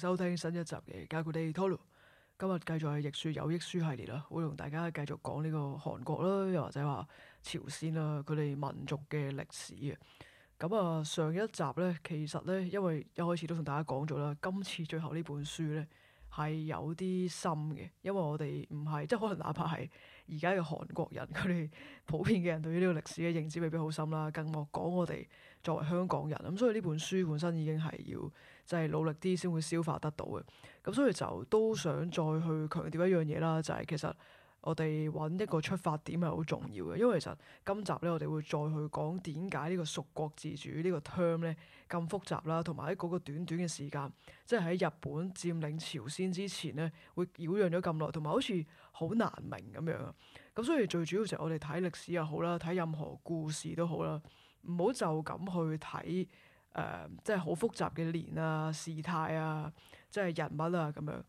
收聽新一集嘅《加國地討論》，今日繼續係逆說有益書系列啦，會同大家繼續講呢個韓國啦，又或者話朝鮮啦，佢哋民族嘅歷史啊。咁啊，上一集咧，其實咧，因為一開始都同大家講咗啦，今次最後呢本書咧係有啲深嘅，因為我哋唔係，即係可能哪怕係。而家嘅韓國人佢哋普遍嘅人對於呢個歷史嘅認知未必好深啦，更莫講我哋作為香港人咁，所以呢本書本身已經係要即係努力啲先會消化得到嘅，咁所以就都想再去強調一樣嘢啦，就係其實。我哋揾一個出發點係好重要嘅，因為其實今集咧我哋會再去講點解呢個屬國自主呢個 term 咧咁複雜啦，同埋喺嗰個短短嘅時間，即係喺日本佔領朝鮮之前咧，會擾攘咗咁耐，同埋好似好難明咁樣啊。咁所以最主要就係我哋睇歷史又好啦，睇任何故事都好啦，唔好就咁去睇誒、呃，即係好複雜嘅年啊、事態啊、即係人物啊咁樣。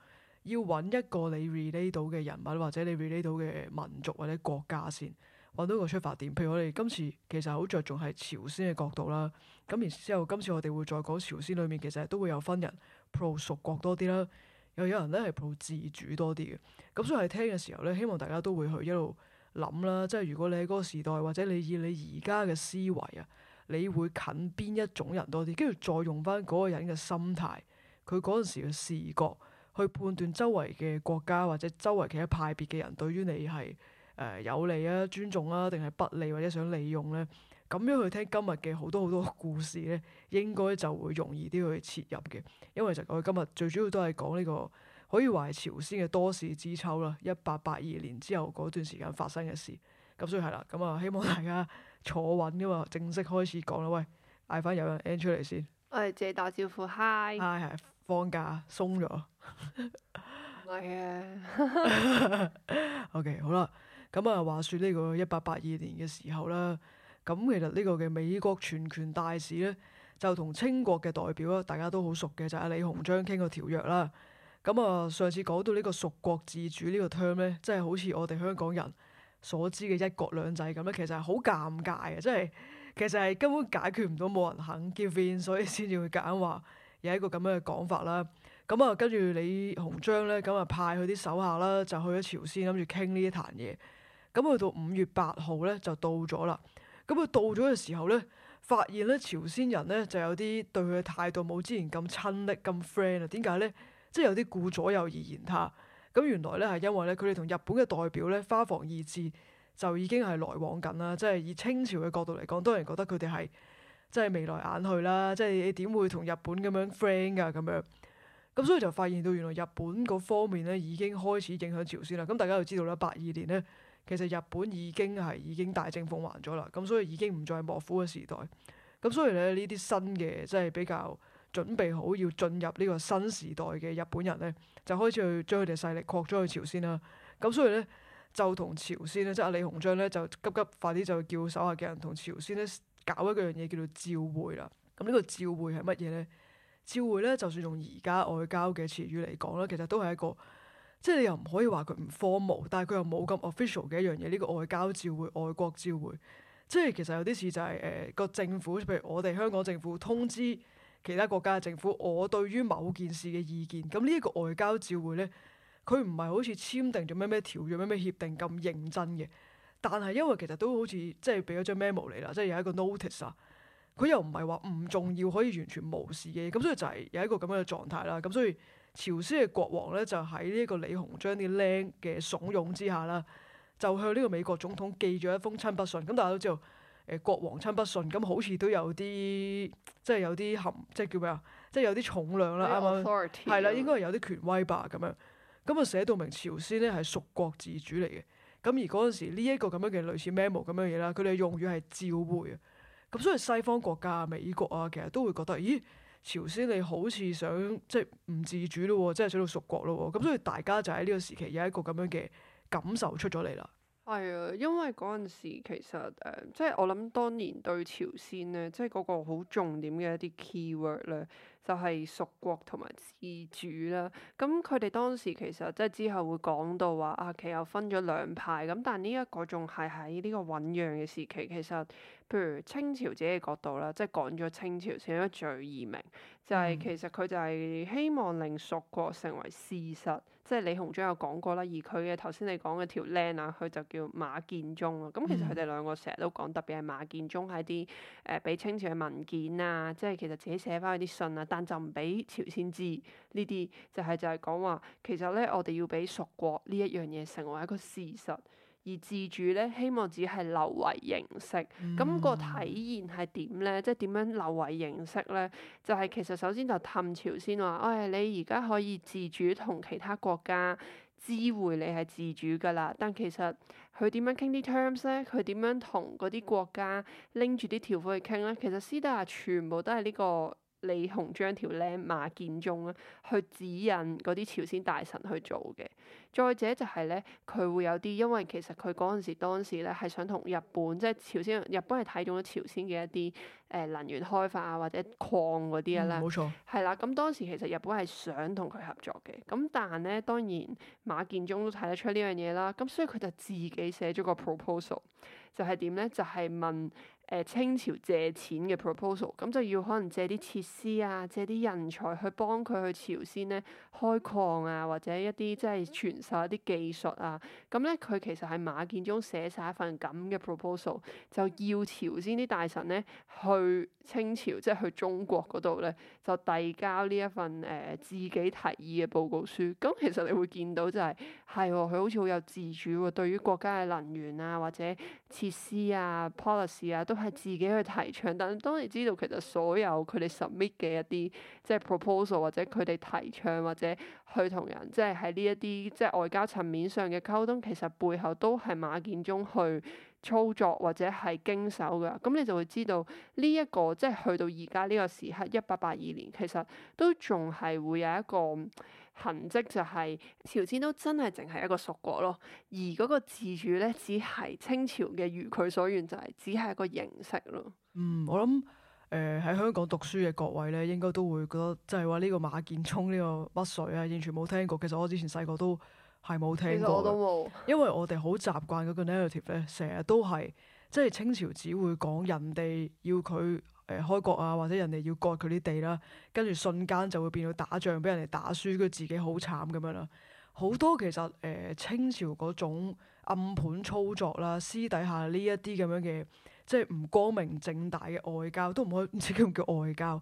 要揾一個你 relate 到嘅人物，或者你 relate 到嘅民族或者國家先，揾到個出發點。譬如我哋今次其實好着重係朝鮮嘅角度啦。咁然之後，今次我哋會再講朝鮮裏面其實都會有分人 pro 屬國多啲啦，又有人咧係 pro 自主多啲嘅。咁所以喺聽嘅時候咧，希望大家都會去一路諗啦。即係如果你喺嗰個時代，或者你以你而家嘅思維啊，你會近邊一種人多啲，跟住再用翻嗰個人嘅心態，佢嗰陣時嘅視覺。去判斷周圍嘅國家或者周圍其他派別嘅人對於你係誒、呃、有利啊、尊重啊，定係不利或者想利用咧？咁樣去聽今日嘅好多好多故事咧，應該就會容易啲去切入嘅。因為其實我今日最主要都係講呢個可以話係朝鮮嘅多事之秋啦。一八八二年之後嗰段時間發生嘅事，咁所以係啦。咁、嗯、啊，希望大家坐穩噶嘛，正式開始講啦。喂，嗌翻有人 end 出嚟先。我誒、哎，自己打招呼，hi。放假鬆咗，係嘅。 o、okay, K，好啦，咁啊，話說呢個一八八二年嘅時候啦，咁其實呢個嘅美國全權大使咧，就同清國嘅代表啦，大家都好熟嘅，就阿、是、李鴻章傾個條約啦。咁啊，上次講到呢個屬國自主呢個 term 咧，即係好似我哋香港人所知嘅一國兩制咁咧，其實係好尷尬嘅，即係其實係根本解決唔到，冇人肯見面，所以先至去講話。有一個咁樣嘅講法啦，咁啊跟住李鴻章咧，咁啊派佢啲手下啦，就去咗朝鮮，諗住傾呢一壇嘢。咁去到五月八號咧就到咗啦。咁佢到咗嘅時候咧，發現咧朝鮮人咧就有啲對佢嘅態度冇之前咁親昵、咁 friend 啊。點解咧？即係有啲顧左右而言他。咁原來咧係因為咧佢哋同日本嘅代表咧花房義質，就已經係來往緊啦。即係以清朝嘅角度嚟講，當然覺得佢哋係。即係眉來眼去啦，即係你點會同日本咁樣 friend 噶咁樣？咁所以就發現到原來日本嗰方面咧已經開始影響朝鮮啦。咁大家就知道啦，八二年咧其實日本已經係已經大政奉還咗啦，咁所以已經唔再係幕府嘅時代。咁所以咧呢啲新嘅即係比較準備好要進入呢個新時代嘅日本人咧，就開始去將佢哋勢力擴張去朝鮮啦。咁所以咧就同朝鮮咧，即係李鴻章咧就急急快啲就叫手下嘅人同朝鮮咧。搞一個樣嘢叫做照會啦，咁、嗯、呢、呢個照會係乜嘢咧？照會咧，就算用而家外交嘅詞語嚟講啦，其實都係一個，即係你又唔可以話佢唔荒謬，但係佢又冇咁 official 嘅一樣嘢。呢、呢個外交照會、外國照會，即係其實有啲事就係誒個政府，譬如我哋香港政府通知其他國家嘅政府，我對於某件事嘅意見，咁呢一個外交照會咧，佢唔係好似簽訂咗咩咩條約、咩咩協定咁認真嘅。但係因為其實都好似即係俾咗張 memo 你啦，即係有一個 notice 啊，佢又唔係話唔重要可以完全無視嘅，咁所以就係有一個咁樣嘅狀態啦。咁所以朝鮮嘅國王咧就喺呢個李鴻章啲靚嘅慫恿之下啦，就向呢個美國總統寄咗一封親筆信。咁大家都知道，誒、呃、國王親筆信，咁好似都有啲即係有啲含，即係叫咩啊？即係有啲重量啦，係啦 The authority 吧，應該係有啲權威吧咁樣。咁啊寫到明朝鮮咧係屬國自主嚟嘅。咁而嗰陣時呢一個咁樣嘅類似 memo 咁樣嘢啦，佢哋用語係照會啊，咁所以西方國家美國啊，其實都會覺得，咦，朝鮮你好似想即係唔自主咯喎，即係想做屬國咯喎，咁所以大家就喺呢個時期有一個咁樣嘅感受出咗嚟啦。係啊，因為嗰陣時其實誒，即、呃、係、就是、我諗當年對朝鮮咧，即係嗰個好重點嘅一啲 keyword 咧。就係屬國同埋自主啦，咁佢哋當時其實即係之後會講到話啊，佢又分咗兩派，咁但呢一個仲係喺呢個醞釀嘅時期。其實，譬如清朝自己嘅角度啦，即係講咗清朝想咗罪二名，就係、是、其實佢就係希望令屬國成為事實。即係李鴻章有講過啦，而佢嘅頭先你講嘅條靚啊，佢就叫馬建忠咯。咁、嗯、其實佢哋兩個成日都講，特別係馬建忠喺啲誒俾清朝嘅文件啊，即係其實自己寫翻佢啲信啊，但就唔俾朝鮮知呢啲、就係，就係就係講話其實咧，我哋要俾屬國呢一樣嘢成為一個事實。而自主咧，希望只係留為形式，咁、嗯、個體現係點咧？即係點樣留為形式咧？就係、是、其實首先就氹朝鮮話，哎，你而家可以自主同其他國家知會你係自主噶啦。但其實佢點樣傾啲 terms 咧？佢點樣同嗰啲國家拎住啲條款去傾咧？其實私底下全部都係呢、這個。李鴻章條靚馬建忠啊，去指引嗰啲朝鮮大臣去做嘅。再者就係、是、咧，佢會有啲，因為其實佢嗰陣時當時咧係想同日本，即係朝鮮，日本係睇中咗朝鮮嘅一啲誒能源開發啊或者礦嗰啲啦。冇錯、嗯。係啦，咁當時其實日本係想同佢合作嘅。咁但係咧，當然馬建忠都睇得出呢樣嘢啦。咁所以佢就自己寫咗個 proposal，就係點咧？就係、是、問。誒清朝借錢嘅 proposal，咁就要可能借啲設施啊，借啲人才去幫佢去朝鮮咧開礦啊，或者一啲即係傳授一啲技術啊。咁咧佢其實係馬建忠寫晒一份咁嘅 proposal，就要朝鮮啲大臣咧去清朝，即係去中國嗰度咧。就遞交呢一份誒、呃、自己提議嘅報告書，咁其實你會見到就係係喎，佢、哦、好似好有自主喎、哦，對於國家嘅能源啊或者設施啊 policy 啊都係自己去提倡。但係當然知道其實所有佢哋 submit 嘅一啲即係、就是、proposal 或者佢哋提倡或者去同人即係喺呢一啲即係外交層面上嘅溝通，其實背後都係馬建忠去。操作或者係經手噶，咁你就會知道呢一、呢個即係去到而家呢個時刻一八八二年，其實都仲係會有一個痕跡，就係，就係朝鮮都真係淨係一個屬國咯，而嗰個自主咧只係清朝嘅如佢所願就係只係一個形式咯。嗯，我諗誒喺香港讀書嘅各位咧，應該都會覺得即係話呢個馬建聰呢、呢個乜水啊，完全冇聽過。其實我之前細個都。係冇聽過，因為我哋好習慣嗰個 narrative 咧，成日都係即係清朝只會講人哋要佢誒、呃、開國啊，或者人哋要割佢啲地啦、啊，跟住瞬間就會變到打仗，俾人哋打輸，跟住自己好慘咁樣啦。好多其實誒、呃、清朝嗰種暗盤操作啦，私底下呢一啲咁樣嘅。即係唔光明正大嘅外交，都唔可以唔知叫唔叫外交，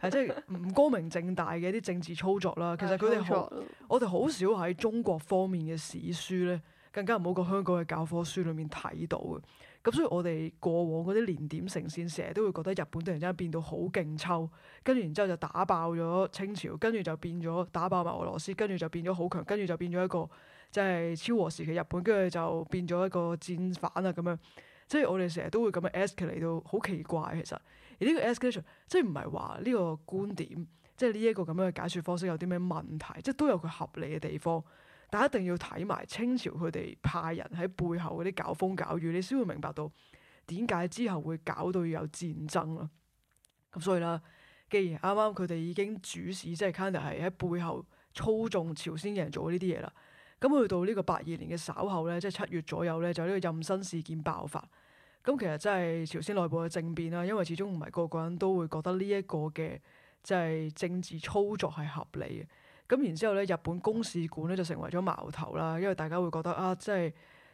係 即係唔光明正大嘅一啲政治操作啦。 其實佢哋好，我哋好少喺中國方面嘅史書咧，更加唔好過香港嘅教科書裏面睇到嘅。咁所以我哋過往嗰啲連點成線，成日都會覺得日本突然之間變到好勁抽，跟住然之後就打爆咗清朝，跟住就變咗打爆埋俄羅斯，跟住就變咗好強，跟住就變咗一個即係、就是、昭和時期日本，跟住就變咗一個戰犯啊咁樣。即以我哋成日都會咁樣 ask l 嚟到好奇怪，其實而呢個 ask l a 即係唔係話呢個觀點，即係呢一個咁樣嘅解説方式有啲咩問題？即係都有佢合理嘅地方，但一定要睇埋清朝佢哋派人喺背後嗰啲搞風搞雨，你先會明白到點解之後會搞到要有戰爭啦。咁所以啦，既然啱啱佢哋已經主使即係 k a n d a 係喺背後操縱朝鮮人做呢啲嘢啦，咁去到呢個八二年嘅稍後咧，即係七月左右咧，就呢個壬申事件爆發。咁其實真係朝鮮內部嘅政變啦，因為始終唔係個個人都會覺得呢一個嘅即係政治操作係合理嘅。咁然之後咧，日本公使館咧就成為咗矛頭啦，因為大家會覺得啊，即係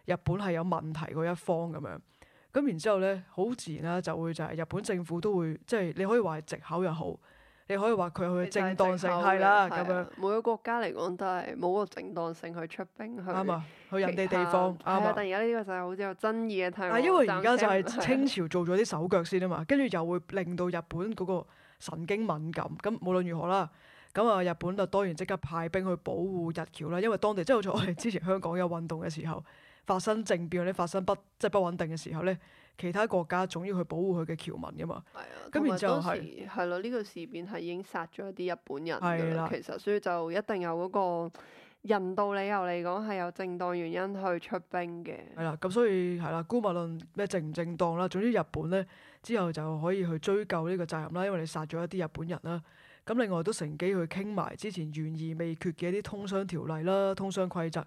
日本係有問題嗰一方咁樣。咁然之後咧，好自然啦，就會就係日本政府都會即係你可以話係藉口又好。你可以話佢佢正當性係啦，咁、啊、樣每個國家嚟講都係冇個正當性去出兵去啱啊，去人哋地方啱他啊，但而家呢個就係好有爭議嘅態度。但係因為而家就係清朝做咗啲手腳先啊嘛，跟住又會令到日本嗰個神經敏感，咁無論如何啦，咁啊日本就當然即刻派兵去保護日僑啦，因為當地真係 好似，我哋之前香港有運動嘅時候發生政變或者發生不即係、就是、不穩定嘅時候咧。其他國家總要去保護佢嘅僑民噶嘛，咁咪當時係咯，呢、啊呢個事變係已經殺咗一啲日本人啦。啊、其實所以就一定有嗰個人道理由嚟講係有正當原因去出兵嘅。係啦、啊，咁所以係啦，姑勿論咩正唔正當啦，總之日本咧之後就可以去追究呢個責任啦，因為你殺咗一啲日本人啦。咁另外都乘機去傾埋之前懸而未決嘅一啲通商條例啦、通商規則。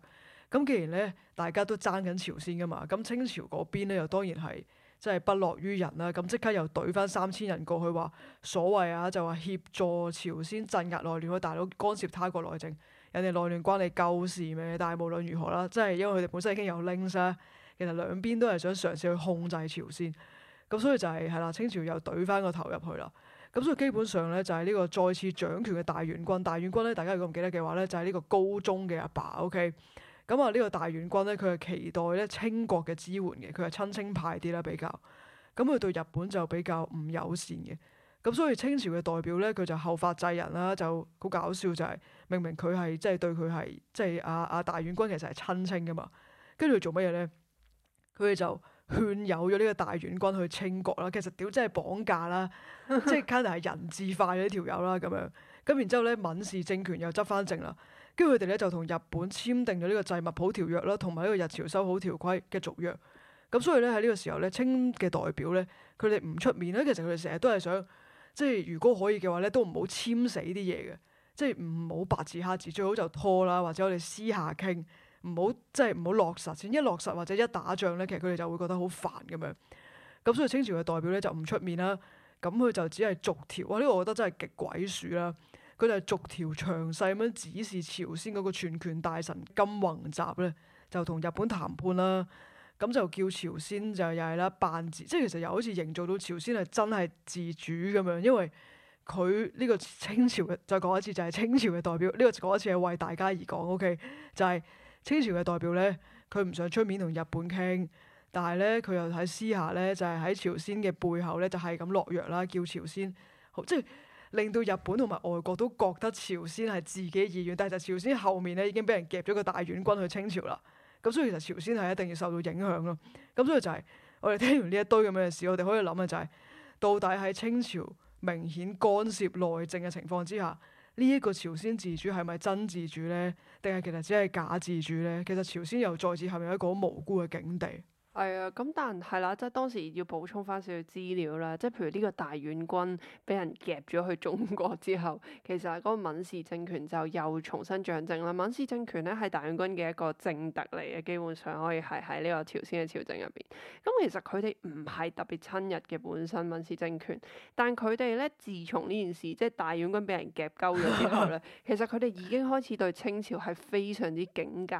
咁既然咧大家都爭緊朝鮮噶嘛，咁清朝嗰邊咧又當然係。即係不落於人啦、啊，咁即刻又懟翻三千人過去話所謂啊，就話協助朝鮮鎮壓內亂，佢大佬干涉他國內政，人哋內亂關你鳩事咩？但係無論如何啦，即係因為佢哋本身已經有 links 啦，其實兩邊都係想嘗試去控制朝鮮，咁所以就係、是、係啦，清朝又懟翻個頭入去啦，咁所以基本上咧就係、是、呢個再次掌權嘅大院君，大院君咧大家如果唔記得嘅話咧就係、是、呢個高宗嘅阿爸，爸，OK。咁啊，呢個大院君咧，佢係期待咧清國嘅支援嘅，佢係親清派啲啦比較。咁佢對日本就比較唔友善嘅。咁所以清朝嘅代表咧，佢就後發制人啦，就好、那個、搞笑就係、是，明明佢係即係對佢係即係阿阿大院君其實係親清噶嘛，跟住做乜嘢咧？佢哋就勸誘咗呢個大院君去清國啦。其實屌真係綁架啦， 即係肯定係人質化呢條友啦咁樣。咁然之後咧，閔氏政權又執翻政啦。跟住佢哋咧就同日本簽訂咗呢個《濟物浦條約》啦，同埋呢個《日朝修好條規》嘅續約。咁所以咧喺呢個時候咧，清嘅代表咧，佢哋唔出面啦。其實佢哋成日都係想，即係如果可以嘅話咧，都唔好簽死啲嘢嘅，即係唔好白字黑字，最好就拖啦，或者我哋私下傾，唔好即係唔好落實先。一落實或者一打仗咧，其實佢哋就會覺得好煩咁樣。咁所以清朝嘅代表咧就唔出面啦。咁佢就只係續條。啊。呢、這個我覺得真係極鬼鼠啦～佢就係逐條詳細咁樣指示朝鮮嗰個全權大臣金宏集咧，就同日本談判啦。咁就叫朝鮮就又係啦，扮即係其實又好似營造到朝鮮係真係自主咁樣，因為佢呢個清朝嘅再講一次就係清朝嘅代表。呢個講一次係為大家而講，OK？就係清朝嘅代表咧，佢唔想出面同日本傾，但係咧佢又喺私下咧就係喺朝鮮嘅背後咧就係咁落藥啦，叫朝鮮。好，即係。令到日本同埋外國都覺得朝鮮係自己意願，但係就是朝鮮後面咧已經俾人夾咗個大院君去清朝啦，咁所以其實朝鮮係一定要受到影響咯。咁所以就係、是、我哋聽完呢一堆咁嘅事，我哋可以諗嘅就係、是、到底喺清朝明顯干涉內政嘅情況之下，呢、這、一個朝鮮自主係咪真自主咧？定係其實只係假自主咧？其實朝鮮又再次陷入一個好無辜嘅境地。係啊，咁、哎、但係啦，即係當時要補充翻少少資料啦，即係譬如呢個大院軍俾人夾咗去中國之後，其實嗰個閔氏政權就又重新掌政啦。閔氏政權咧係大院軍嘅一個政敵嚟嘅，基本上可以係喺呢個朝鮮嘅朝政入邊。咁其實佢哋唔係特別親日嘅本身閔氏政權，但佢哋咧自從呢件事即係大院軍俾人夾鳩咗之後咧， 其實佢哋已經開始對清朝係非常之警戒，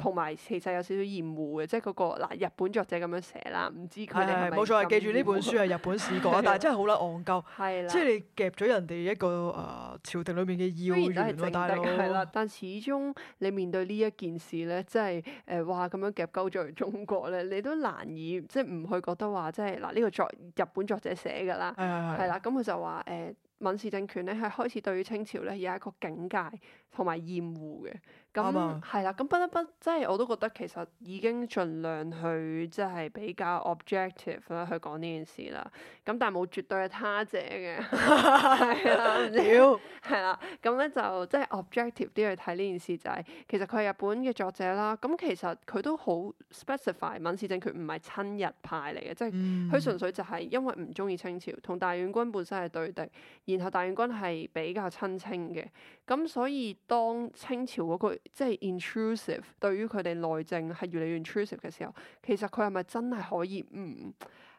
同埋吧其實有少少厭惡嘅，即係、那、嗰個嗱、啊、日本。作者咁樣寫啦，唔知佢哋係冇錯。記住呢本書係日本視角， 但係真係好撚戇鳩，的即係你夾咗人哋一個誒、啊、朝廷裏面嘅二號人啦，但始終你面對呢一件事咧，即係誒哇咁樣夾鳩在中國咧，你都難以即係唔去覺得話，即係嗱呢個作日本作者寫㗎啦，係啦的，咁佢就話誒，明治的的、嗯嗯、政權咧係開始對於清朝咧有一個警戒同埋厭惡嘅。咁係啦，咁、嗯嗯、不不不，即係我都覺得其實已經盡量去即係比較 objective 啦去講呢件事啦。咁但係冇絕對係他者嘅，係啊，係啦。咁咧就即係 objective 啲去睇呢件事、就是，就係其實佢係日本嘅作者啦。咁其實佢都好 specify，閔氏政權唔係親日派嚟嘅，嗯、即係佢純粹就係因為唔中意清朝，同大院君本身係對敵，然後大院君係比較親清嘅。咁所以當清朝嗰、那個即係 intrusive，對於佢哋內政係越嚟越 intrusive 嘅時候，其實佢係咪真係可以唔、嗯、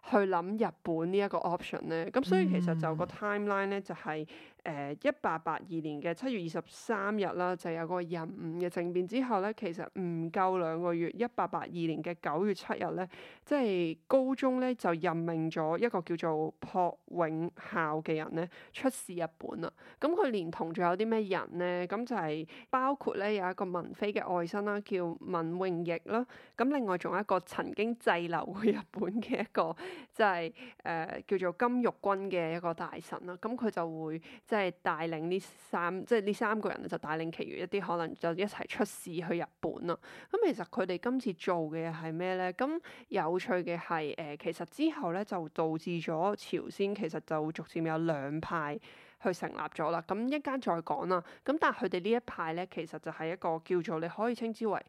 去諗日本呢一個 option 咧？咁所以其實就個 timeline 咧就係、是。誒一八八二年嘅七月二十三日啦，就有個壬午嘅政變之後咧，其實唔夠兩個月，一八八二年嘅九月七日咧，即係高宗咧就任命咗一個叫做朴泳孝嘅人咧出使日本啦。咁佢連同仲有啲咩人咧？咁就係包括咧有一個閔妃嘅外甥啦，叫閔泳翊啦。咁另外仲有一個曾經滯留過日本嘅一個即係誒叫做金玉均嘅一個大臣啦。咁佢就會。即係帶領呢三，即係呢三個人就帶領其餘一啲可能就一齊出使去日本啦。咁其實佢哋今次做嘅係咩咧？咁有趣嘅係，誒其實之後咧就導致咗朝鮮其實就逐漸有兩派去成立咗啦。咁一陣再講啦。咁但係佢哋呢一派咧，其實就係一個叫做你可以稱之為，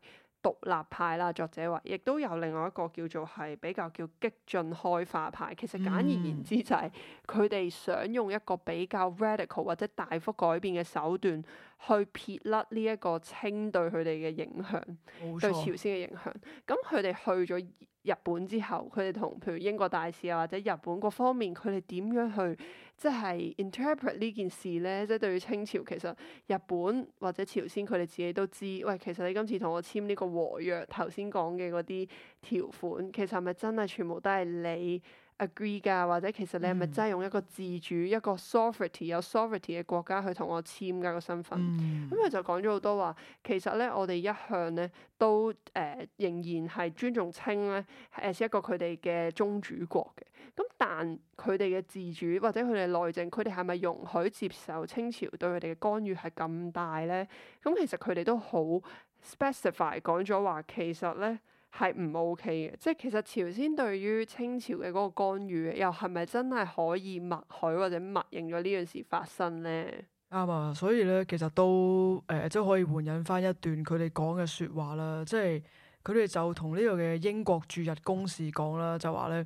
獨立派啦，作者話，亦都有另外一個叫做係比較叫激進開化派。其實簡而言之就係佢哋想用一個比較 radical 或者大幅改變嘅手段去撇甩呢一個清對佢哋嘅影響，冇錯對朝鮮嘅影響。咁佢哋去咗。日本之後，佢哋同譬如英國大使啊，或者日本各方面，佢哋點樣去即係 interpret 呢件事咧？即係對於清朝，其實日本或者朝鮮，佢哋自己都知。喂，其實你今次同我簽呢個和約，頭先講嘅嗰啲條款，其實係咪真係全部都係你 Agree 㗎，或者其實你係咪真係用一個自主、嗯、一個 sovereignty 有 sovereignty 嘅國家去同我簽㗎、嗰個身份？咁佢、嗯嗯、就講咗好多話，其實咧我哋一向咧都誒、呃、仍然係尊重清咧，係一個佢哋嘅宗主國嘅。咁但佢哋嘅自主或者佢哋內政，佢哋係咪容許接受清朝對佢哋嘅干預係咁大咧？咁、嗯、其實佢哋都好 specify 講咗話，其實咧。係唔 OK 嘅，即係其實朝鮮對於清朝嘅嗰個干預，又係咪真係可以默許或者默認咗呢件事發生咧？啱啊，所以咧其實都誒、呃，即可以換引返一段佢哋講嘅說話啦，即係佢哋就同呢個嘅英國駐日公使講啦，就話咧，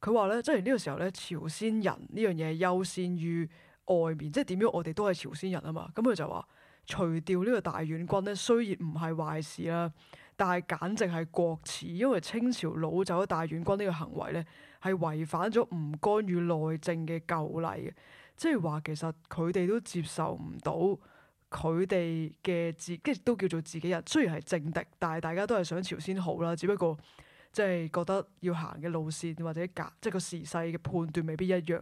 佢話咧，即係呢個時候咧，朝鮮人呢樣嘢係優先於外面，即係點樣我哋都係朝鮮人啊嘛，咁佢就話除掉呢個大院君咧，雖然唔係壞事啦。但係簡直係國恥，因為清朝擄走咗大院君呢個行為咧，係違反咗唔干預內政嘅舊例嘅。即係話其實佢哋都接受唔到佢哋嘅自，即都叫做自己人。雖然係政敵，但係大家都係想朝鮮好啦。只不過即係覺得要行嘅路線或者格，即係個時勢嘅判斷未必一樣。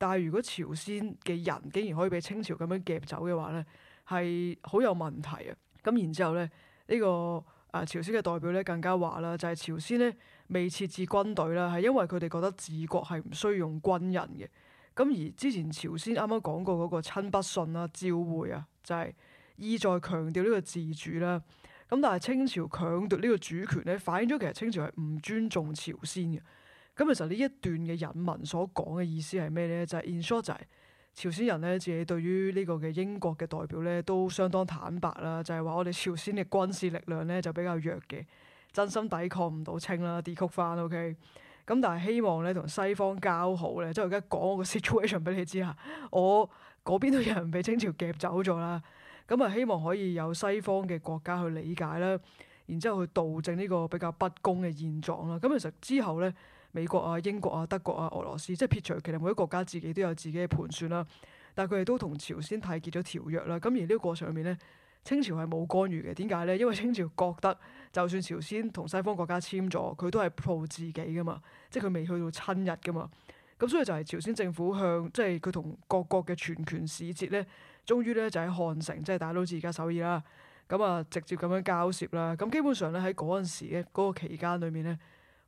但係如果朝鮮嘅人竟然可以俾清朝咁樣夾走嘅話咧，係好有問題啊！咁然之後咧，呢、呢個。啊！朝鮮嘅代表咧更加話啦，就係，朝鮮咧未設置軍隊啦，係因為佢哋覺得治國係唔需要用軍人嘅。咁而之前朝鮮啱啱講過嗰個親不信啦，召會啊，就係，意在強調呢個自主啦。咁但係清朝強奪呢個主權咧，反映咗其實清朝係唔尊重朝鮮嘅。咁其實呢一段嘅引文所講嘅意思係咩咧？就係，in short 就係、是。朝鮮人咧，自己對於呢個嘅英國嘅代表咧，都相當坦白啦，就係、是、話我哋朝鮮嘅軍事力量咧就比較弱嘅，真心抵抗唔到清啦，跌曲翻，OK。咁但係希望咧同西方交好咧，即係我而家講我個 situation 俾你知嚇，我嗰邊都有人被清朝夾走咗啦，咁、嗯、啊希望可以有西方嘅國家去理解啦，然之後去導正呢個比較不公嘅現狀啦。咁、嗯、其實之後咧。美國啊、英國啊、德國啊、俄羅斯，即係撇除，其實每啲國家自己都有自己嘅盤算啦。但係佢哋都同朝鮮締結咗條約啦。咁而個上呢個過程裏面咧，清朝係冇干預嘅。點解咧？因為清朝覺得，就算朝鮮同西方國家簽咗，佢都係 pro 自己噶嘛，即係佢未去到親日噶嘛。咁所以就係朝鮮政府向即係佢同各國嘅全權使節咧，終於咧就喺漢城，即係打到至而家首爾啦。咁啊，直接咁樣交涉啦。咁基本上咧喺嗰陣時嘅嗰、嗰個期間裏面咧。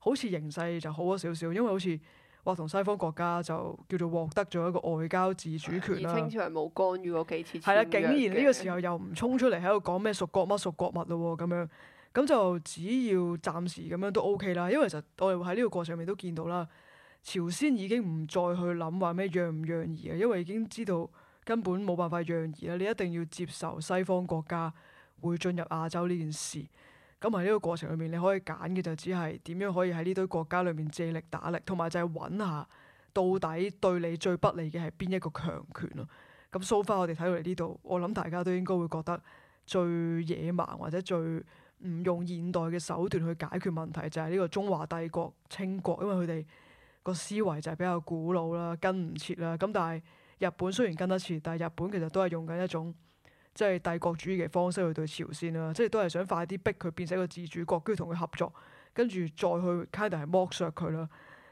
好似形勢就好咗少少，因為好似話同西方國家就叫做獲得咗一個外交自主權啦。清朝冇干預嗰幾次，係啦，竟然呢個時候又唔衝出嚟喺度講咩屬國乜屬國物咯喎咁樣，咁就只要暫時咁樣都 OK 啦。因為其實我哋喺呢個過程入面都見到啦，朝鮮已經唔再去諗話咩攘唔攘夷啊，因為已經知道根本冇辦法攘夷啦，你一定要接受西方國家會進入亞洲呢件事。咁喺呢個過程裏面，你可以揀嘅就只係點樣可以喺呢堆國家裏面借力打力，同埋就係揾下到底對你最不利嘅係邊一個強權咯。咁 so far 我哋睇到嚟呢度，我諗大家都應該會覺得最野蠻或者最唔用現代嘅手段去解決問題，就係呢個中華帝國清國，因為佢哋個思維就係比較古老啦、跟唔切啦。咁但係日本雖然跟得切，但係日本其實都係用緊一種。即係帝國主義嘅方式去對朝鮮啦，即係都係想快啲逼佢變成一個自主國，跟住同佢合作，跟住再去 kind of 係剝削佢啦。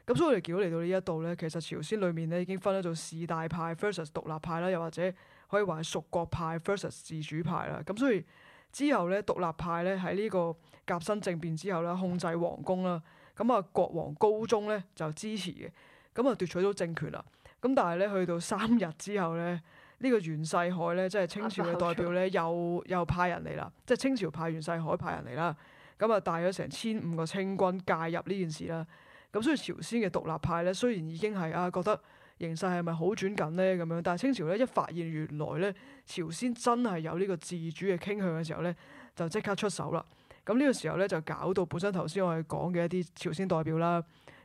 咁所以我哋結果嚟到呢一度咧，其實朝鮮裡面咧已經分咗做事大派 versus 獨立派啦，又或者可以話係屬國派 versus 自主派啦。咁所以之後咧，獨立派咧喺呢個甲申政變之後咧，控制皇宮啦，咁啊國王高宗咧就支持嘅，咁啊奪取到政權啦。咁但係咧去到三日之後咧。呢個袁世凱咧，即係清朝嘅代表咧，又又派人嚟啦，即係清朝派袁世凱派人嚟啦。咁啊，帶咗成千五個清軍介入呢件事啦。咁所以朝鮮嘅獨立派咧，雖然已經係啊覺得形勢係咪好轉緊咧咁樣，但係清朝咧一發現原來咧朝鮮真係有呢個自主嘅傾向嘅時候咧，就即刻出手啦。咁呢個時候咧就搞到本身頭先我哋講嘅一啲朝鮮代表啦，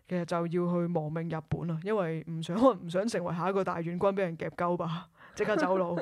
其實就要去亡命日本啦，因為唔想可能唔想成為下一個大院君俾人夾鳩吧。即 刻走佬，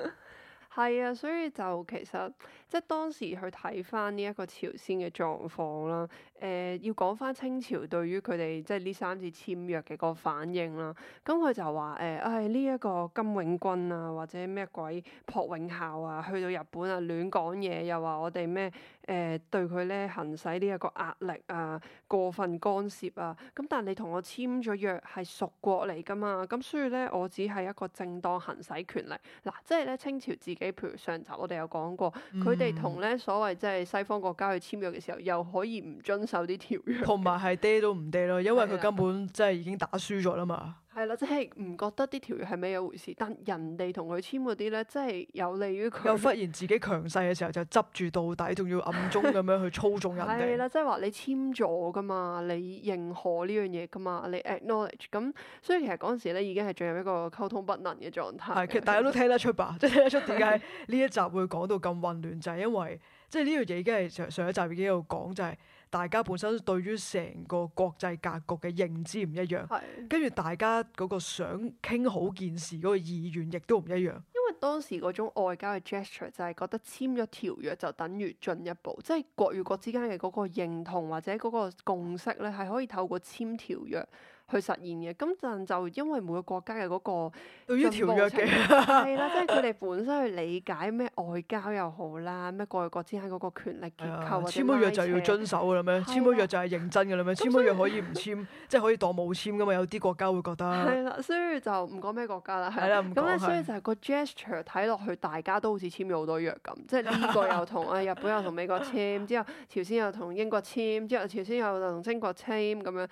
係啊，所以就其實。即係當時去睇翻呢一個朝鮮嘅狀況啦，誒、呃、要講翻清朝對於佢哋即係呢三次簽約嘅個反應啦。咁佢就話誒，唉呢一個金永君啊，或者咩鬼朴泳孝啊，去到日本啊亂講嘢，又話我哋咩誒對佢咧行使呢一個壓力啊，過分干涉啊。咁但你同我簽咗約係屬國嚟㗎嘛，咁所以咧我只係一個正當行使權力嗱，即係咧清朝自己，譬如上集我哋有講過佢。嗯即係同咧所謂即係西方國家去簽約嘅時候，又可以唔遵守啲條約，同埋係嗲都唔嗲咯，因為佢根本即係已經打輸咗啦嘛。係啦，即係唔覺得啲條約係咩一回事，但人哋同佢簽嗰啲咧，即係有利於佢。又發現自己強勢嘅時候，就執住到底，仲要暗中咁樣去操縱人哋。係啦 即係話你簽咗噶嘛，你認可呢樣嘢噶嘛，你 acknowledge。咁所以其實嗰陣時咧，已經係進入一個溝通不能嘅狀態。其實大家都聽得出吧？即係聽得出點解呢一集會講到咁混亂， 就係因為即係呢樣嘢已經係上上一集已經有講，就係。大家本身對於成個國際格局嘅認知唔一樣，係跟住大家嗰個想傾好件事嗰個意願亦都唔一樣。因為當時嗰種外交嘅 gesture 就係覺得簽咗條約就等於進一步，即係國與國之間嘅嗰個認同或者嗰個共識咧，係可以透過簽條約去實現嘅，咁陣就因為每個國家嘅嗰個對於條約嘅係啦，即係佢哋本身去理解咩外交又好啦，咩各國之間嗰個權力結構啊，簽咗約就要遵守啦咩？的簽咗約就係認真嘅啦咩？的簽咗約可以唔簽，即係的可以當冇簽噶嘛？有啲國家會覺得係啦，所以就唔講咩國家啦，係啦，咁咧的所以就係個 gesture 睇落去，大家都好似簽咗好多約咁，即係呢個又同啊日本又同美國簽，之後朝鮮又同英國簽，之後朝鮮又同清國簽咁樣。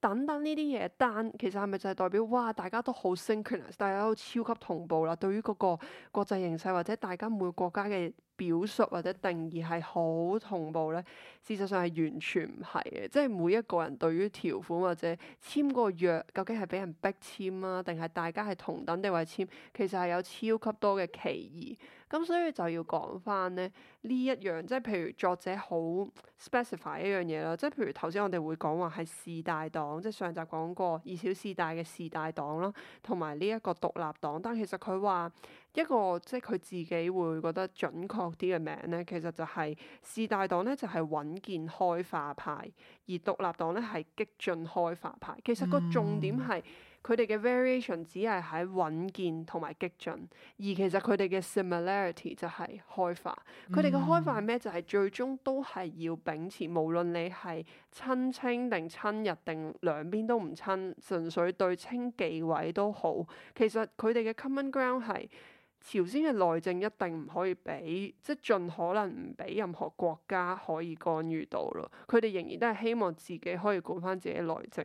等等呢啲嘢，但其實係咪就係代表哇？大家都好 synchronous，大家都超級同步啦。對於嗰個國際形勢或者大家每個國家嘅表述或者定義係好同步咧，事實上係完全唔係嘅，即係每一個人對於條款或者簽個約，究竟係俾人逼簽啊，定係大家係同等地位簽，其實係有超級多嘅歧義。咁所以就要講翻咧呢一樣，即係譬如作者好 specify 一樣嘢啦，即係譬如頭先我哋會講話係事大黨，即係上集講過以小事大嘅事大黨啦，同埋呢一個獨立黨，但其實佢話。一個即係佢自己會覺得準確啲嘅名咧，其實就係、是、事大黨咧就係、是、穩健開化派，而獨立黨咧係激進開化派。其實個重點係，嗯佢哋嘅 variation 只係喺穩健同埋激進，而其實佢哋嘅 similarity 就係開化。佢哋嘅開化係咩？就係、是、最終都係要秉持，無論你係親清定親日定兩邊都唔親，純粹對清忌諱都好。其實佢哋嘅 common ground 係：朝鮮嘅內政一定唔可以俾，即、就、係、是、盡可能唔俾任何國家可以干預到咯。佢哋仍然都係希望自己可以管翻自己內政。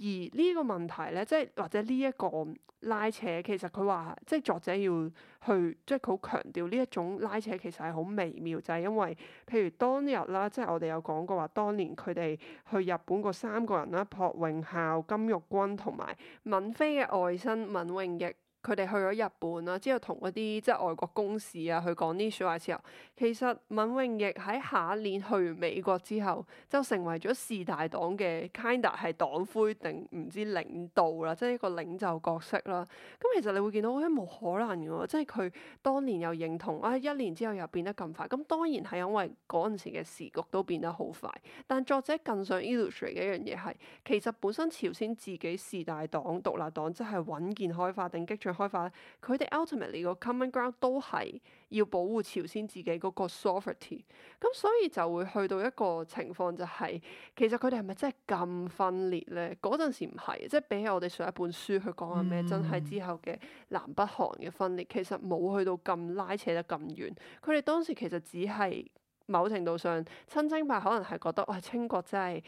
而呢一個問題咧，即係或者呢一個拉扯，其實佢話即係作者要去，即係佢好強調呢一種拉扯其實係好微妙，就係因為譬如當日啦，即係我哋有講過話，當年佢哋去日本嗰三個人啦，朴泳孝、金玉均同埋閔妃嘅外甥閔泳翊。佢哋去咗日本啦，之後同嗰啲即係外國公使啊，去講呢啲説話嘅時候，其實閔永亦喺下一年去完美國之後就成為咗 kind of, 事大黨嘅 Kinder 係黨魁定唔知領導啦，即係一個領袖角色啦。咁其實你會見到誒，冇、哎、可能嘅喎，即係佢當年又認同啊、哎，一年之後又變得咁快。咁當然係因為嗰陣時嘅時局都變得好快。但作者更想 illustrate 一樣嘢係其實本身朝鮮自己士大是大黨獨立黨即係穩健開發定激進激開發，佢哋 ultimately 個 common ground 都係要保護朝鮮自己嗰個 sovereignty，咁所以就會去到一個情況就係，其實佢哋係咪真係咁分裂咧？嗰陣時唔係，即係比起我哋上一本書佢講下咩，真係之後嘅南北韓嘅分裂，其實冇去到咁拉扯得咁遠。佢哋當時其實只係某程度上親清派可能係覺得，哇，清國真係。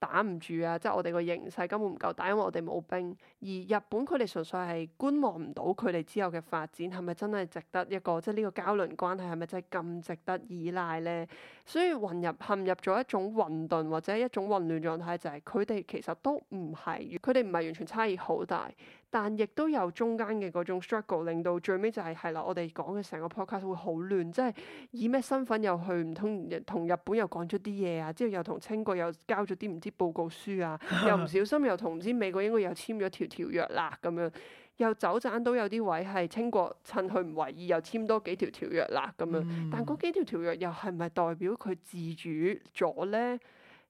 打唔住啊！即係我哋個形勢根本唔夠打，因為我哋冇兵。而日本佢哋純粹係觀望唔到佢哋之後嘅發展係咪真係值得一個即係呢個交輪關係，係咪真係咁值得依賴咧？所以混入陷入咗一種混沌或者一種混亂狀態，就係佢哋其實都唔係，佢哋唔係完全差異好大。但亦都有中間嘅嗰種 struggle，令到最尾就係、係、係啦，我哋講嘅成個 podcast 會好亂，即係以咩身份又去唔通，同日本又講咗啲嘢啊，之後又同清國又交咗啲唔知報告書啊，又唔小心又同唔知美國應該又簽咗條條約啦咁樣，又走盞到有啲位係清國趁佢唔為意又簽多幾條條約啦咁樣，但嗰幾條條約又係咪代表佢自主咗咧？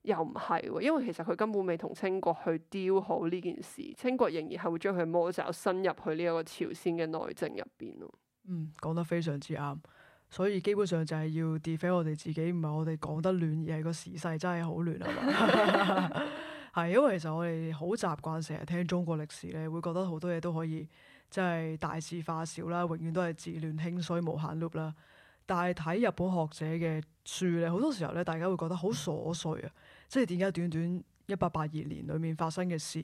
又唔係喎，因為其實佢根本未同清國去雕好呢件事，清國仍然係會將佢魔爪伸入去呢一個朝鮮嘅內政入邊咯。嗯，講得非常之啱，所以基本上就係要 defend 我哋自己，唔係我哋講得亂，而係個時勢真係好亂啊！係 因為其實我哋好習慣成日聽中國歷史咧，會覺得好多嘢都可以即係、就是、大事化小啦，永遠都係治亂興衰無限 loop 啦。但係睇日本學者嘅書咧，好多時候咧，大家會覺得好瑣碎啊。嗯。即係點解短短一八八二年裏面發生嘅事，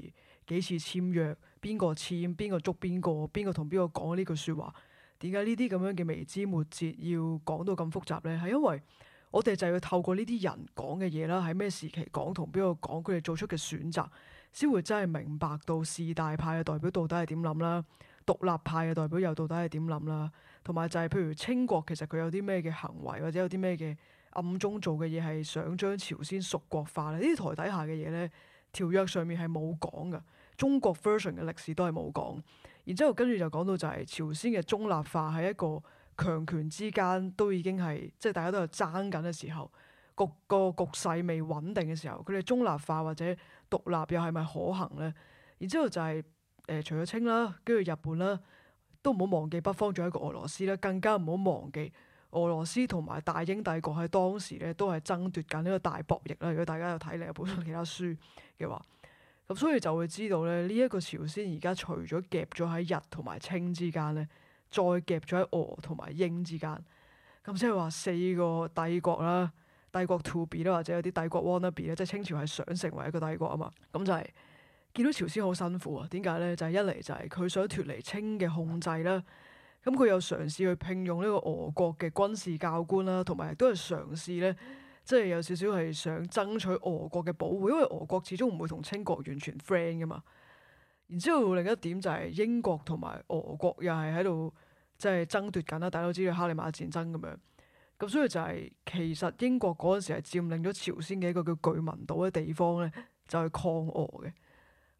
幾次簽約，邊個簽，邊個捉邊個，邊個同邊個講呢句説話？點解呢啲咁樣嘅微枝末節要講到咁複雜咧？係因為我哋就要透過呢啲人講嘅嘢啦，喺咩時期講，同邊個講，佢哋做出嘅選擇，先會真係明白到事大派嘅代表到底係點諗啦，獨立派嘅代表又到底係點諗啦，同埋就係譬如清國其實佢有啲咩嘅行為，或者有啲咩嘅。暗中做嘅嘢，係想將朝鮮屬國化。呢啲台底下嘅嘢，呢條約上面，係冇講嘅，中國 version 嘅歷史都係冇講。然之後，跟住就講到就係朝鮮嘅中立化係一個強權之間都已經係即係大家都係爭緊嘅時候，局個局勢未穩定嘅時候，佢哋中立化或者獨立又係咪可行呢？然之後，就是，就係誒除咗清啦，跟住日本啦，都唔好忘記北方仲有一個俄羅斯啦，更加唔好忘記。俄羅斯同埋大英帝國喺當時咧都係爭奪緊呢個大博弈啦。如果大家有睇另一本其他書嘅話，咁所以就會知道咧，呢一個朝鮮而家除咗夾咗喺日同埋清之間咧，再夾咗喺俄同埋英之間。咁即係話四個帝國啦，帝國 to be 啦，或者有啲帝國 wannabe 咧，即係清朝係想成為一個帝國啊嘛。咁就係見到朝鮮好辛苦啊。點解咧？就係一嚟就係佢想脫離清嘅控制啦。咁佢又嘗試去聘用呢個俄國嘅軍事教官啦，啊，同埋都係嘗試咧，即係有少少係想爭取俄國嘅保護，因為俄國始終唔會同清國完全 friend 噶嘛。然之後另一點就係英國同埋俄國又係喺度即係爭奪緊啦。大家都知道哈里馬戰爭咁樣，咁所以就係、是、其實英國嗰陣時係佔領咗朝鮮嘅一個叫巨文島嘅地方咧，就係、去、抗俄嘅。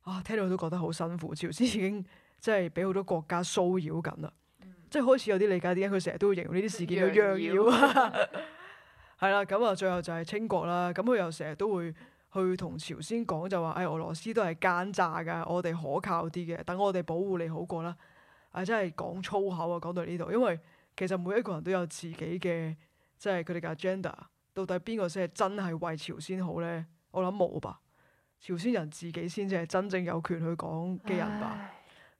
啊，聽到都覺得好辛苦，朝鮮已經即係俾好多國家騷擾緊啦。即係開始有啲理解點解佢成日都會形容呢啲事件叫洋擾，係啦。咁啊，最後就係清國啦。咁佢又成日都會去同朝鮮講就話，誒、哎，俄羅斯都係奸詐㗎，我哋可靠啲嘅，等我哋保護你好過啦。啊、哎，真係講粗口啊！講到呢度，因為其實每一個人都有自己嘅，即係佢哋嘅 agenda。到底邊個先係真係為朝鮮好咧？我諗冇吧。朝鮮人自己先至係真正有權去講嘅人吧。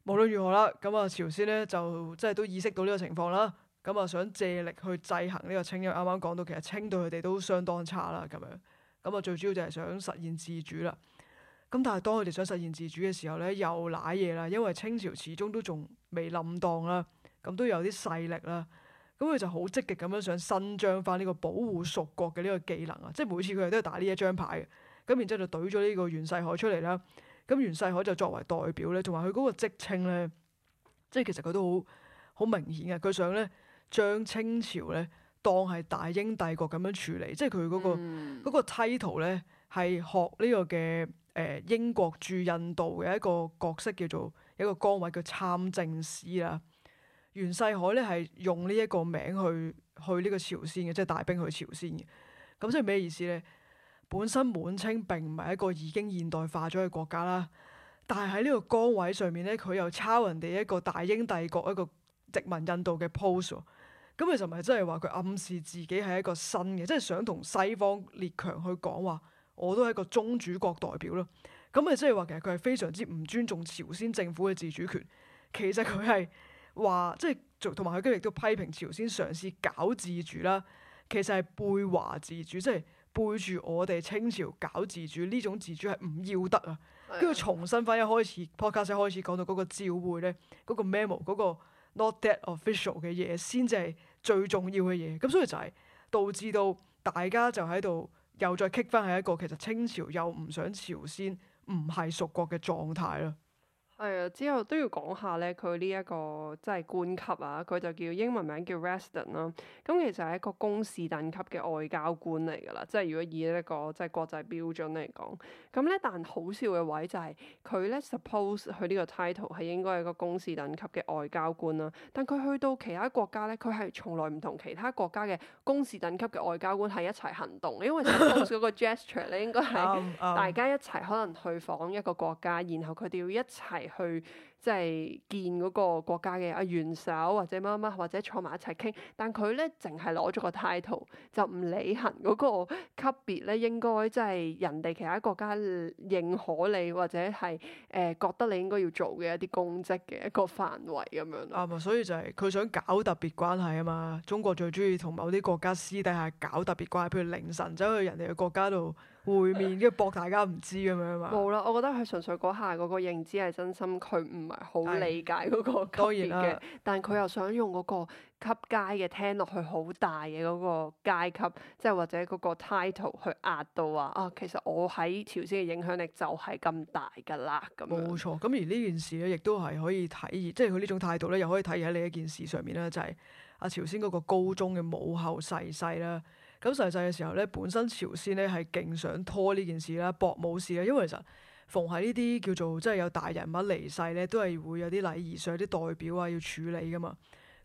無論如何啦，咁啊朝鮮咧就即係都意識到呢個情況啦，咁啊想借力去制衡呢個清。因為啱啱講到，其實清對佢哋都相當差啦，咁樣，咁啊最主要就係想實現自主啦。咁但係當佢哋想實現自主嘅時候咧，又瀨嘢啦，因為清朝始終都仲未冧檔啦，咁都有啲勢力啦，咁佢就好積極咁樣想伸張翻呢個保護屬國嘅呢個技能啊，即係每次佢哋都係打呢一張牌，咁然之後就懟咗呢個袁世凱出嚟啦。咁袁世凱就作為代表咧，同埋佢嗰個職稱咧，即係其實佢都好好明顯嘅。佢想咧將清朝咧當係大英帝國咁樣處理，嗯、即係佢嗰個嗰、嗰個 title 咧係學呢個嘅誒、呃、英國駐印度嘅一個角色，叫做一個崗位叫參政司啦。袁世凱咧係用呢一個名去去呢個朝鮮嘅，即係帶兵去朝鮮嘅。咁即係咩意思咧？本身滿清並唔係一個已經現代化咗嘅國家啦，但係喺呢個崗位上面咧，佢又抄人哋一個大英帝國一個殖民印度嘅 pose，咁其實咪係真係話佢暗示自己係一個新嘅，即係想同西方列強去講話，我都係一個宗主國代表咯。咁咪即係話其實佢係非常之唔尊重朝鮮政府嘅自主權。其實佢係話即係同埋佢跟住都批評朝鮮嘗試搞自主啦，其實係背華自主，即係。背住我哋清朝搞自主呢種自主係唔要得啊！跟住、oh、yeah. 重新翻一開始 podcast 開始講到嗰個召會咧，嗰、嗰個 memo 嗰個 not that official 嘅嘢，先至係最重要嘅嘢。咁所以就係導致到大家就喺度又再 keep 傾翻係一個其實清朝又唔想朝鮮唔係屬國嘅狀態啦。係啊、哎，之後都要講下咧，佢呢一個即係官級啊，佢就叫英文名叫 resident 啦、啊。咁其實係一個公使等級嘅外交官嚟噶啦，即係如果以一個即係國際標準嚟講，咁、嗯、咧，但好笑嘅位就係佢咧，suppose 佢呢個 title 係應該係個公使等級嘅外交官啦。但佢去到其他國家咧，佢係從來唔同其他國家嘅公使等級嘅外交官係一齊行動，因為 suppose 嗰 個 gesture 咧應該係大家一齊可能去訪一個國家，然後佢哋要一齊。去即係見嗰個國家嘅啊，元首或者乜乜，或者坐埋一齊傾，但佢咧淨係攞咗個 title 就唔履行嗰個級別咧，應該即係人哋其他國家認可你或者係誒、呃、覺得你應該要做嘅一啲公職嘅一個範圍咁樣。啱啊，所以就係佢想搞特別關係啊嘛。中國最中意同某啲國家私底下搞特別關係，譬如凌晨走去人哋嘅國家度。會面，跟住博大家唔知咁樣嘛？冇啦，我覺得佢純粹嗰下嗰個認知係真心，佢唔係好理解嗰個級當然嘅，但佢又想用嗰個級階嘅聽落去好大嘅嗰個階級，即係或者嗰個 title 去壓到話啊，其實我喺朝鮮嘅影響力就係咁大㗎啦。咁冇錯，咁而呢件事咧，亦都係可以睇，即係佢呢種態度咧，又可以睇喺呢一件事上面啦，就係、是、阿朝鮮嗰個高中嘅母後逝世啦。咁逝世嘅時候咧，本身朝鮮咧係勁想拖呢件事啦，博武事啦，因為其實逢喺呢啲叫做即係有大人物離世咧，都係會有啲禮儀，上有啲代表啊要處理噶嘛。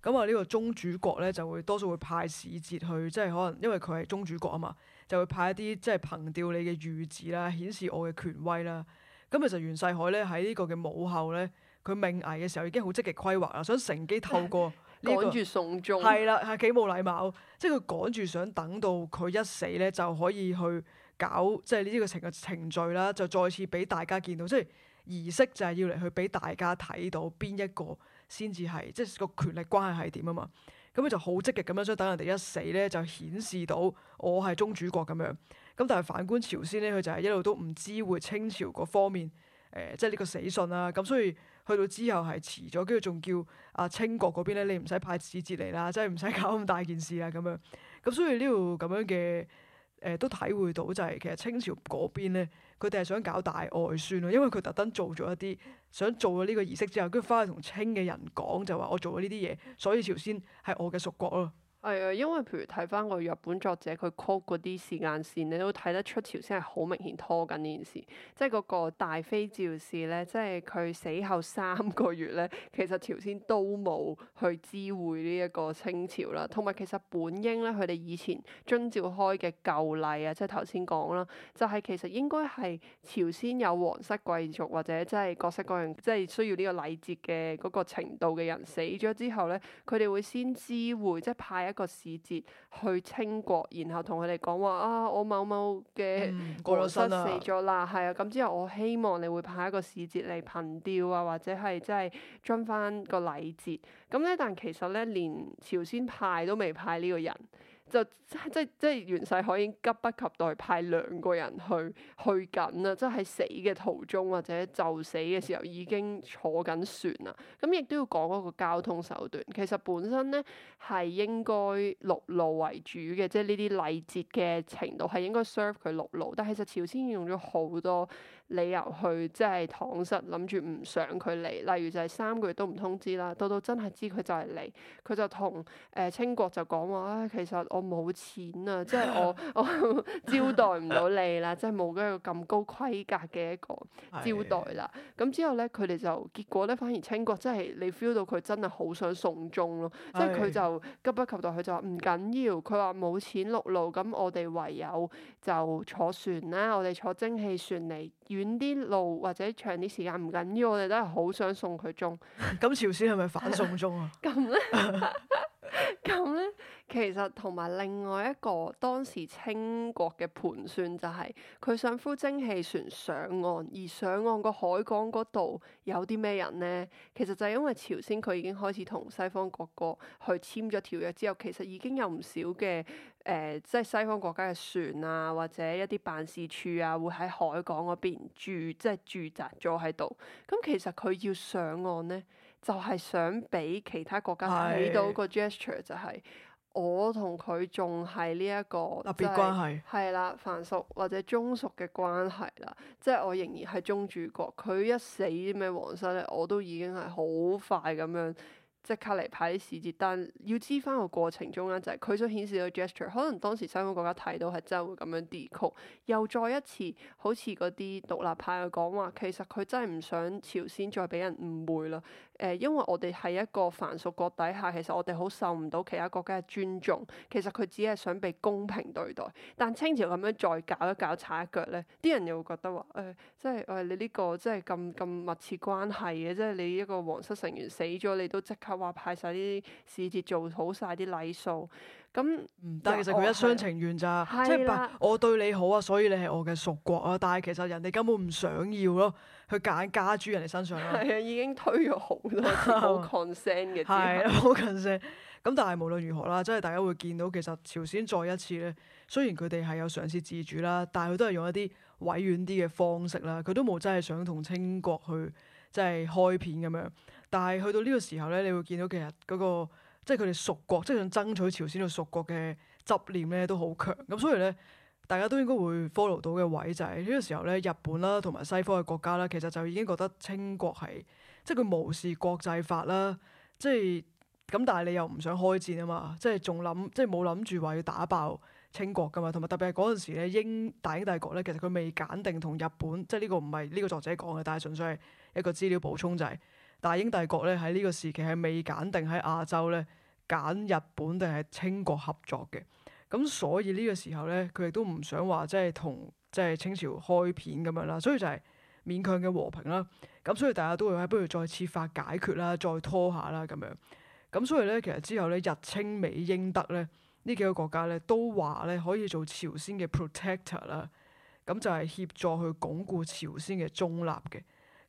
咁啊，呢個宗主國咧就會多數會派使節去，即係可能因為佢係宗主國啊嘛，就會派一啲即係憑吊你嘅御旨啦，顯示我嘅權威啦。咁其實袁世凱咧喺呢個嘅母后咧，佢命危嘅時候已經好積極規劃啦，想乘機透過。 這個、趕住送終，係啦，係幾冇禮貌，即係佢趕住想等到佢一死咧，就可以去搞，即係呢個成個程序啦，就再次俾大家見到，即係儀式就係要嚟去俾大家睇到邊一個先至係，即係個權力關係係點啊嘛。咁佢就好積極咁樣想等人哋一死咧，就顯示到我係宗主國咁樣。咁但係反觀朝鮮咧，佢就係一路都唔知會清朝個方面，誒、呃，即係呢個死訊啦、啊。咁所以。去到之後係遲咗，跟住仲叫啊清國嗰邊咧，你唔使派使節嚟啦，即係唔使搞咁大件事啦咁樣。咁所以呢度咁樣嘅誒、呃、都體會到就係、是、其實清朝嗰邊咧，佢哋係想搞大外宣咯，因為佢特登做咗一啲想做咗呢個儀式之後，後跟住翻去同清嘅人講就話我做咗呢啲嘢，所以朝鮮係我嘅屬國咯。係啊、哎，因為譬如睇翻個日本作者佢 call 嗰啲時間線，你都睇得出朝鮮係好明顯拖緊呢件事。即係嗰個大妃趙氏咧，即係佢死後三個月咧，其實朝鮮都冇去知會呢一個清朝啦。同埋其實本應咧，佢哋以前遵照開嘅舊例啊，即係頭先講啦，就係、是、其實應該係朝鮮有皇室貴族或者即係各色各樣，即、就、係、是、需要呢個禮節嘅嗰個程度嘅人死咗之後咧，佢哋會先知會，即係派。一個使節去清國，然後同佢哋講話啊，我某某嘅、嗯、過咗身啦，係啊，咁之後我希望你會派一個使節嚟憑吊啊，或者係即係遵翻個禮節。咁咧，但其實咧，連朝鮮派都未派呢個人。就即即袁世凱已經急不及待派兩個人去去緊啦，即係死嘅途中或者就死嘅時候已經坐緊船啦。咁、嗯、亦都要講嗰個交通手段。其實本身咧係應該陸路為主嘅，即係呢啲禮節嘅程度係應該 serve 佢陸路，但係其實朝鮮用咗好多。理由去即係搪塞，諗住唔想佢嚟。例如就係三個月都唔通知啦，到到真係知佢就係嚟，佢就同誒、呃、清國就講話唉，其實我冇錢啊，即係我我 招待唔到你啦，即係冇一個咁高規格嘅一個招待啦。咁的之後咧，佢哋就結果咧，反而清國、就是、真係你 feel 到佢真係好想送終咯，的即係佢就急不及待，佢就話唔緊要，佢話冇錢陸路，咁我哋唯有就坐船啦，我哋坐蒸汽船嚟。遠啲路或者長啲時間唔緊要，我哋都係好想送佢中。咁朝鮮係咪反送中啊？咁咧，咁咧。其實同埋另外一個當時清國嘅盤算就係、是、佢想呼蒸汽船上岸，而上岸個海港嗰度有啲咩人咧？其實就係因為朝鮮佢已經開始同西方各國去簽咗條約之後，其實已經有唔少嘅誒、呃、即係西方國家嘅船啊，或者一啲辦事處啊，會喺海港嗰邊住，即係駐紮咗喺度。咁其實佢要上岸咧，就係、是、想俾其他國家睇到個 gesture 就係、是。我同佢仲係呢一個特別關係、就是，係啦，藩屬或者宗屬嘅關係啦，即係我仍然係宗主國。佢一死啲咩王室咧，我都已經係好快咁樣即刻嚟派啲使節。但要知翻個過程中間就係、是、佢想顯示到 gesture，可能當時西方國家睇到係真會咁樣 decode，又再一次好似嗰啲獨立派又講話，其實佢真係唔想朝鮮再俾人誤會啦。誒，因為我哋係一個凡俗國底下，其實我哋好受唔到其他國家嘅尊重。其實佢只係想被公平對待，但清朝咁樣再搞一搞、踩一腳咧，啲人又會覺得話誒，即係誒你呢個即係咁咁密切關係嘅，即係你一個皇室成員死咗，你都即刻話派晒啲使節做好晒啲禮數。咁，但係那其實佢一廂情願咋，即係白我對你好啊，所以你係我嘅屬國啊。但係其實人哋根本唔想要咯，去揀加諸人哋身上啦。係啊，已經推咗好多次啦，冇 consent 嘅。係， 冇 consent。咁但係無論如何啦，即係大家會見到其實朝鮮再一次咧，雖然佢哋係有嘗試自主啦，但係佢都係用一啲委婉啲嘅方式啦，佢都冇真係想同清國去即係、就是、開片咁樣。但係去到呢個時候咧，你會見到其實嗰、那個。即係佢哋屬國，即係想爭取朝鮮嘅屬國嘅執念咧，都好強。咁所以咧，大家都應該會 follow 到嘅位就係呢個時候咧，日本啦同埋西方嘅國家啦，其實就已經覺得清國係即係佢無視國際法啦。即係咁，但係你又唔想開戰啊嘛，即係仲諗即係冇諗住話要打爆清國噶嘛。同埋特別係嗰陣時咧，英大英帝國咧，其實佢未揀定同日本，即係呢個唔係呢個作者講嘅，但係純粹係一個資料補充就係大英帝國咧，喺呢個時期係未揀定喺亞洲咧。揀日本定係清國合作嘅，咁所以呢個時候咧，佢哋都唔想話即係同即係、就是、清朝開片咁樣啦，所以就係勉強嘅和平啦。咁所以大家都會喺不如再設法解決啦，再拖下啦咁樣。咁所以咧，其實之後咧，日清呢、清、美、英、德咧呢幾個國家咧都話咧可以做朝鮮嘅 protector 啦，咁就係協助去鞏固朝鮮嘅中立嘅。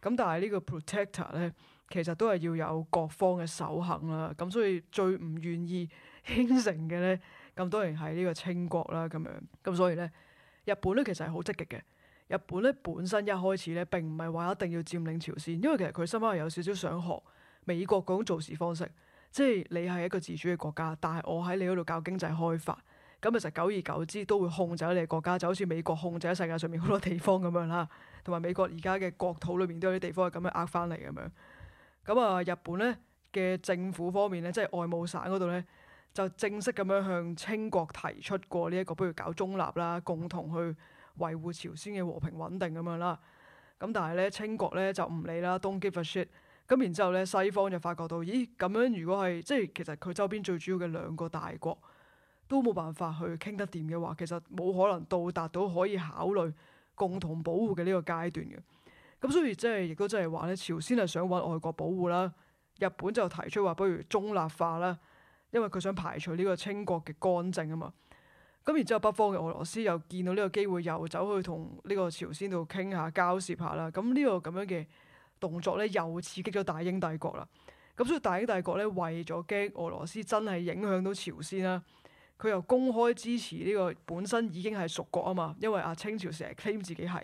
咁但係呢個 protector 咧，其實都係要有各方嘅守恒啦，咁所以最唔願意興盛嘅咧，咁當然係呢個清國啦。咁樣咁所以咧，日本咧其實係好積極嘅。日本咧本身一開始咧並唔係話一定要佔領朝鮮，因為其實佢心諗係有少少想學美國嗰種做事方式，即係你係一個自主嘅國家，但係我喺你嗰度教經濟開發，咁其實久而久之都會控制你嘅國家，就好似美國控制喺世界上面好多地方咁樣啦。同埋美國而家嘅國土裏面都有啲地方係咁樣呃翻嚟咁樣。咁啊，日本咧嘅政府方面咧，即係外務省嗰度咧，就正式咁樣向清國提出過呢、這、一個，不如搞中立啦，共同去維護朝鮮嘅和平穩定咁樣啦。咁但係咧，清國咧就唔理啦，don't give a shit。咁然之後咧，西方就發覺到，咦，咁樣如果係即係其實佢周邊最主要嘅兩個大國都冇辦法去傾得掂嘅話，其實冇可能到達到可以考慮共同保護嘅呢個階段嘅。咁所以即係亦都真係話咧，朝鮮係想揾外國保護啦。日本就提出話，不如中立化啦，因為佢想排除呢個清國嘅干政啊嘛。咁然之後，北方嘅俄羅斯又見到呢個機會，又走去同呢個朝鮮度傾下交涉下啦。咁呢個咁樣嘅動作咧，又刺激咗大英帝國啦。咁所以大英帝國咧，為咗驚俄羅斯真係影響到朝鮮啦，佢又公開支持呢個本身已經係屬國啊嘛。因為阿清朝成日 claim 自己係。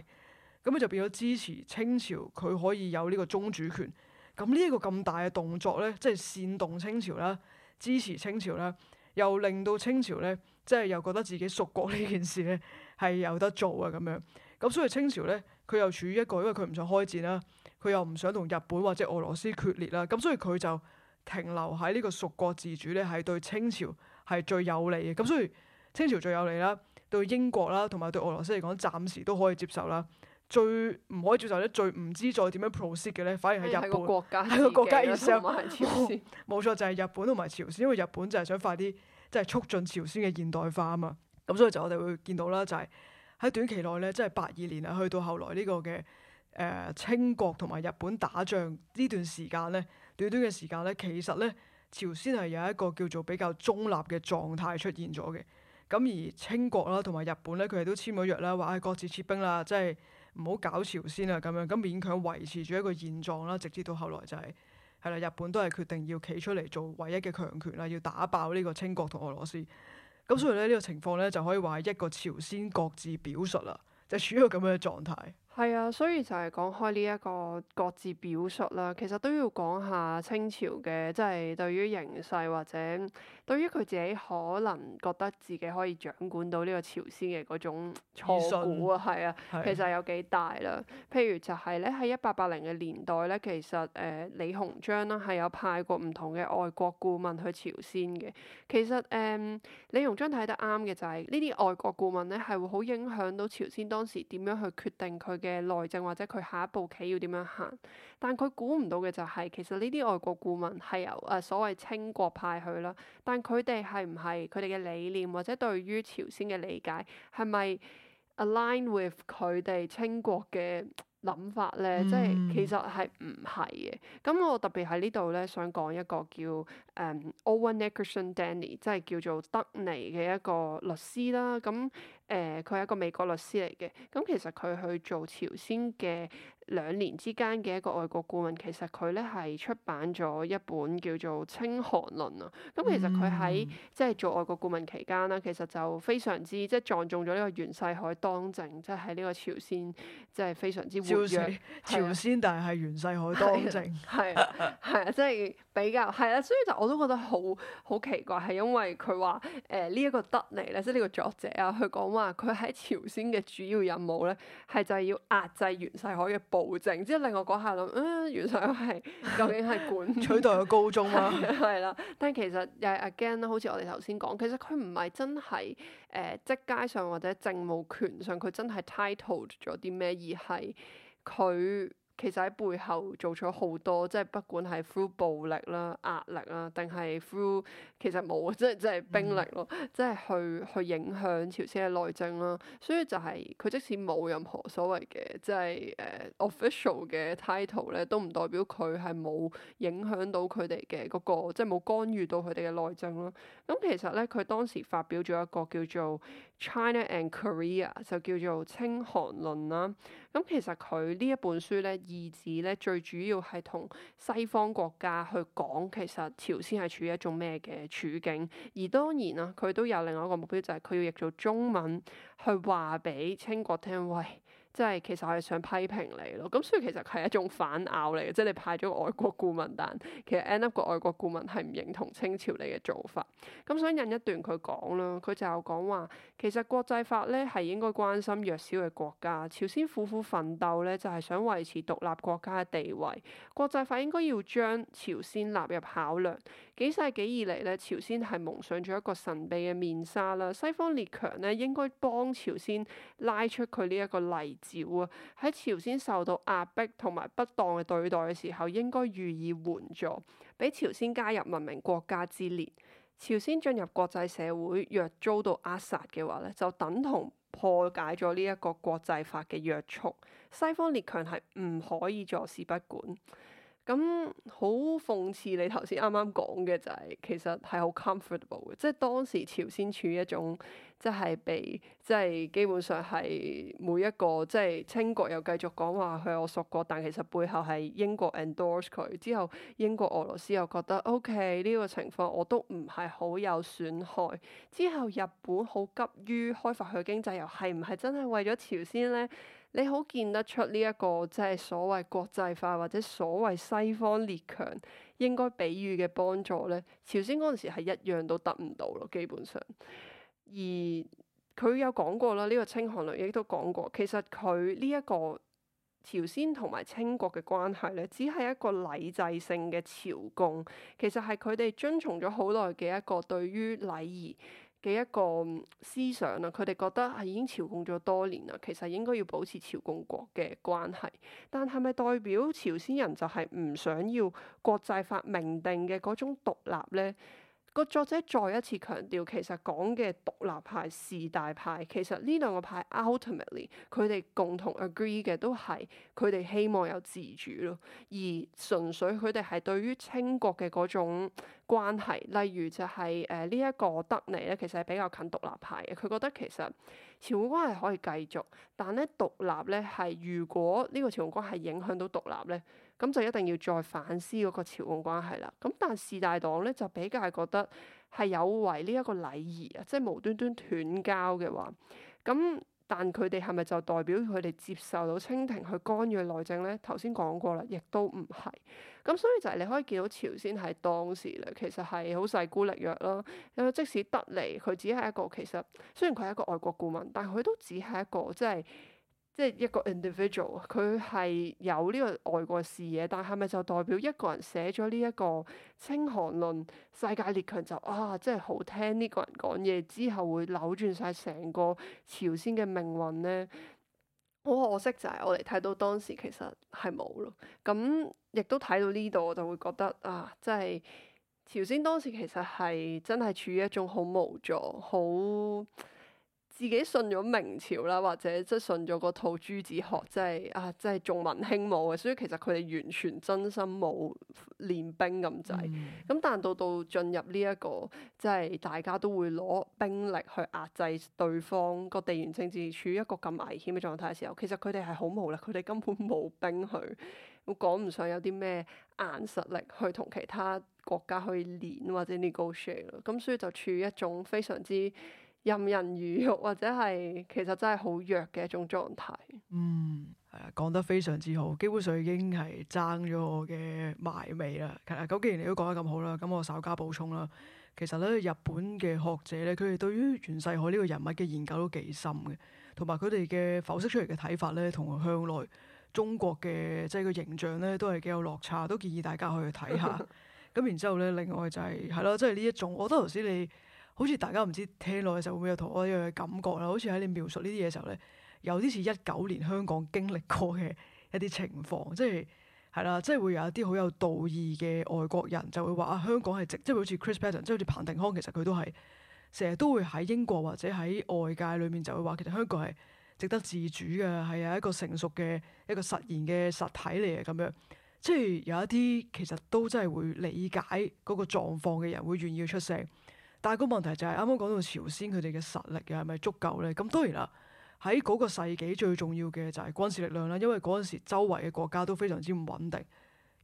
咁樣就變咗支持清朝，佢可以有呢個宗主權。咁呢一個咁大嘅動作咧，即係煽動清朝啦，支持清朝啦，又令到清朝咧，即係又覺得自己屬國呢件事咧係有得做啊咁樣。咁所以清朝咧，佢又處於一個因為佢唔想開戰啦，佢又唔想同日本或者俄羅斯決裂啦。咁所以佢就停留喺呢個屬國自主咧，係對清朝係最有利嘅。咁所以清朝最有利啦，對英國啦，同埋對俄羅斯嚟講，暫時都可以接受啦。最唔可以接受咧，最唔知再點樣 proceed 嘅咧，反而係日本，係國家，係個國家要收買朝鮮。冇錯， 就係、是、日本同埋朝鮮，因為日本就係想快啲，即、就、係、是、促進朝鮮嘅現代化啊嘛。咁所以就我哋會見到啦，就係、是、喺短期內咧，即係八二年啊，去到後來呢個嘅誒、呃、清國同埋日本打仗呢段時間咧，短短嘅時間咧，其實咧朝鮮係有一個叫做比較中立嘅狀態出現咗嘅。咁而清國啦同埋日本咧，佢哋都簽咗約啦，話係各自撤兵啦，即係。唔好搞朝鮮啊，咁樣咁勉強維持住一個現狀啦，直至到後來就係係啦，日本都係決定要企出嚟做唯一嘅強權啦，要打爆呢個清國同俄羅斯。咁所以咧呢個情況咧就可以話係一個朝鮮各自表述啦，就係、處於一個咁樣嘅狀態。係啊，所以就係講開呢一個各自表述啦。其實都要講下清朝嘅，即係對於形勢或者對於佢自己可能覺得自己可以掌管到呢個朝鮮嘅嗰種錯估啊，係信啊，其實有幾大啦。是的，譬如就係咧，喺一八八零嘅年代咧，其實誒李鴻章啦係有派過唔同嘅外國顧問去朝鮮嘅。其實誒李鴻章睇得啱嘅就係呢啲外國顧問咧係會好影響到朝鮮當時點樣去決定佢嘅。嘅內政或者佢下一步棋要點樣行，但佢估唔到嘅就係、是、其實呢啲外國顧問係由誒、呃、所謂清國派去啦，但佢哋係唔係佢哋嘅理念或者對於朝鮮嘅理解係咪 align with 佢哋清國嘅諗法咧？嗯、即係其實係唔係嘅。咁我特別喺呢度咧想講一個叫誒 Owen Nicholson Danny，即係叫做德尼嘅一個律師啦。咁、嗯誒，佢係、一個美國律師嚟嘅，咁其實佢去做朝鮮嘅兩年之間嘅一個外國顧問，其實佢咧係出版咗一本叫做《清韓論》啊。咁、嗯、其實佢喺即係做外國顧問期間啦，其實就非常之即係、就是、撞中咗呢個袁世凱當政，即係喺呢個朝鮮即係、就是、非常之活躍。朝，朝鮮，但係係袁世凱當政，係啊，係啊，即係比較係啊。所以我就我都覺得好好奇怪，係因為佢話誒呢一個得嚟咧，即係呢個作者啊，佢講話佢喺朝鮮嘅主要任務咧，係就係要壓制袁世凱嘅。暴政之後，令我嗰下諗，嗯、呃，原來係究竟係管 取代嘅高中啦、啊， 係啦，但其實又係 again 啦，好似我哋頭先講，其實佢唔係真係，誒職階上或者政務權上，佢真係 title 咗啲咩，而係佢。其實喺背後做咗好多，即係不管係 through 暴力啦、壓力啦，定係 through 其實冇，即係即係兵力咯，mm hmm. 即係去去影響朝鮮嘅內政啦。所以就係，佢即使冇任何所謂嘅，即係誒 official 嘅 title 咧，都唔代表佢係冇影響到佢哋嘅嗰個，即係冇干預到佢哋嘅內政咯。咁其實咧，佢當時發表咗一個叫做。China and Korea 就叫做清韓論啦。咁其實佢呢一本書咧，意指咧最主要係同西方國家去講，其實朝鮮係處於一種咩嘅處境。而當然啦，佢都有另外一個目標，就係、是、佢要譯做中文去話俾清國聽，喂。即係其實我係想批評你咯，咁所以其實係一種反咬嚟嘅，即係你派咗個外國顧問，但其實 end up 個外國顧問係唔認同清朝你嘅做法，咁所以引一段佢講啦。佢就係講話其實國際法咧係應該關心弱小嘅國家，朝鮮苦苦奮鬥咧就係想維持獨立國家嘅地位。國際法應該要將朝鮮納入考量。幾世紀以嚟咧，朝鮮係蒙上咗一個神秘嘅面紗啦。西方列強咧應該幫朝鮮拉出佢呢一個例。少啊！喺朝鮮受到壓迫同埋不當嘅對待嘅時候，應該予以援助，俾朝鮮加入文明國家之列。朝鮮進入國際社會，若遭到扼殺嘅話咧，就等同破解咗呢一個國際法嘅約束。西方列強係唔可以坐視不管。咁好諷刺你剛剛剛、就是，你頭先啱啱講嘅就係其實係好 comfortable 嘅，即係當時朝鮮處於一種即係被即係基本上係每一個即係清國又繼續講話係我屬國，但其實背後係英國 endorse 佢。之後英國、俄羅斯又覺得 OK 呢個情況我都唔係好有損害。之後日本好急於開發佢經濟，又係唔係真係為咗朝鮮咧？你好，見得出呢、這、一個即係所謂國際化或者所謂西方列強應該給予嘅幫助咧？朝鮮嗰陣時係一樣都得唔到咯，基本上。而佢有講過啦，呢、這個清韓論亦都講過，其實佢呢一個朝鮮同埋清國嘅關係咧，只係一個禮制性嘅朝貢，其實係佢哋遵從咗好耐嘅一個對於禮儀。嘅一個思想啦，佢哋覺得係已經朝貢咗多年啦，其實應該要保持朝貢國嘅關係，但係咪代表朝鮮人就係唔想要國際法明定嘅嗰種獨立咧？個作者再一次強調，其實講嘅獨立派、事大派，其實呢兩個派 ultimately 佢哋共同 agree 嘅都係佢哋希望有自主咯。而純粹佢哋係對於清國嘅嗰種關係，例如就係誒呢一個德尼咧，其實係比較近獨立派嘅。佢覺得其實朝貢關係可以繼續，但咧獨立咧係如果呢個朝貢關係影響到獨立咧。咁就一定要再反思嗰個朝貢關係啦。咁但事大黨咧就比較係覺得係有違呢一個禮儀啊，即係無端端斷交嘅話。咁但佢哋係咪就代表佢哋接受到清廷去干預內政咧？頭先講過啦，亦都唔係。咁所以就係你可以見到朝鮮喺當時咧，其實係好勢孤力弱咯。誒，即使得嚟，佢只係一個其實雖然佢係一個外國顧問，但佢都只係一個即係。即係一個 individual，佢係有呢個外國視野，但係咪就代表一個人寫咗呢一個《清韓論》，世界列強就啊，真係好聽呢個人講嘢之後會扭轉晒成個朝鮮嘅命運咧？好可惜就係我哋睇到當時其實係冇咯，咁亦都睇到呢度，我就會覺得啊，即係朝鮮當時其實係真係處於一種好無助、好。自己信咗明朝啦，或者即係信咗個套朱子學，即係啊，即係重文輕武嘅。所以其實佢哋完全真心冇練兵咁滯。咁但係到到進入呢一個即係大家都會攞兵力去壓制對方個地緣政治處於一個咁危險嘅狀態嘅時候，其實佢哋係好無力，佢哋根本冇兵去，講唔上有啲咩硬實力去同其他國家去練或者 negotiate 咯，咁所以就處於一種非常之任人魚肉或者係其實真係好弱嘅一種狀態。嗯，係啊，講得非常之好，基本上已經係爭咗我嘅埋尾啦。咁、啊、既然你都講得咁好啦，咁我稍加補充啦。其實咧，日本嘅學者咧，佢哋對於袁世凱呢個人物嘅研究都幾深嘅，同埋佢哋嘅剖析出嚟嘅睇法咧，同向來中國嘅即係個形象咧，都係幾有落差。都建議大家去睇下。咁 然之後咧，另外就係係咯，即係呢一種。我覺得頭先你。好似大家唔知聽落嘅時候會唔會有同一樣嘅感覺啦。好似喺你描述呢啲嘢嘅時候咧，有啲似一九年香港經歷過嘅一啲情況，即係係啦，即係會有一啲好有道義嘅外國人就會話啊，香港係值即係好似 Chris Patten，即係好似彭定康，其實佢都係成日都會喺英國或者喺外界裏面就會話其實香港係值得自主嘅，係啊一個成熟嘅一個實現嘅實體嚟嘅咁樣。即係有一啲其實都真係會理解嗰個狀況嘅人會願意出聲。但係個問題就係啱啱講到朝鮮佢哋嘅實力又係咪足夠咧？咁當然啦，喺嗰個世紀最重要嘅就係軍事力量啦，因為嗰陣時周圍嘅國家都非常之唔穩定，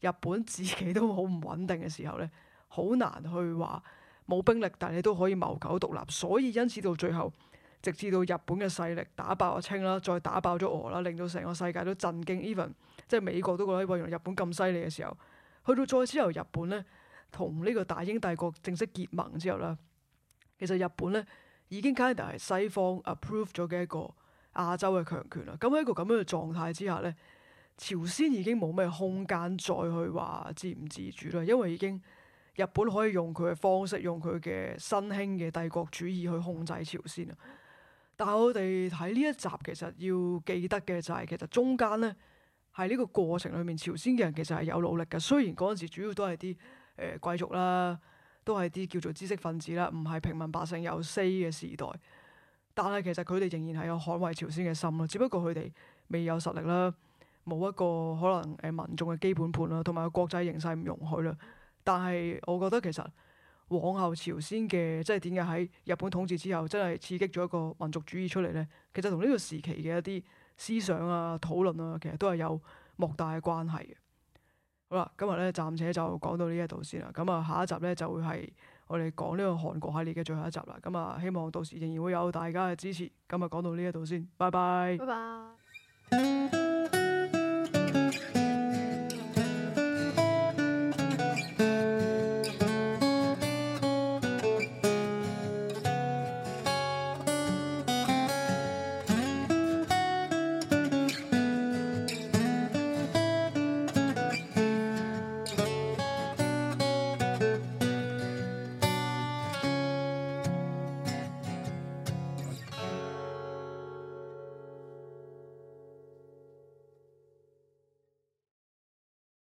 日本自己都好唔穩定嘅時候咧，好難去話冇兵力，但係你都可以謀求獨立。所以因此到最後，直至到日本嘅勢力打爆阿清啦，再打爆咗俄啦，令到成個世界都震驚。Even 即係美國都覺得哇原來日本咁犀利嘅時候，去到再之後日本咧同呢個大英帝國正式結盟之後啦。其實日本咧已經肯定係西方 approve 咗嘅一個亞洲嘅強權啦。咁喺一個咁樣嘅狀態之下咧，朝鮮已經冇咩空間再去話自唔自主啦。因為已經日本可以用佢嘅方式，用佢嘅新興嘅帝國主義去控制朝鮮啦。但係我哋睇呢一集，其實要記得嘅就係、是，其實中間咧喺呢個過程裏面，朝鮮嘅人其實係有努力嘅。雖然嗰陣時主要都係啲誒貴族啦。都係啲叫做知識分子啦，唔係平民百姓有 say 嘅時代。但係其實佢哋仍然係有捍衛朝鮮嘅心咯，只不過佢哋未有實力啦，冇一個可能誒民眾嘅基本盤啦，同埋國際形勢唔容許啦。但係我覺得其實往後朝鮮嘅即係點解喺日本統治之後真係刺激咗一個民族主義出嚟咧？其實同呢個時期嘅一啲思想啊、討論啊，其實都係有莫大嘅關係嘅。好啦，今日咧暫且就講到呢一度先啦。咁啊，下一集咧就會係我哋講呢個韓國系列嘅最後一集啦。咁啊，希望到時仍然會有大家嘅支持。今日講到呢一度先，拜拜。拜拜。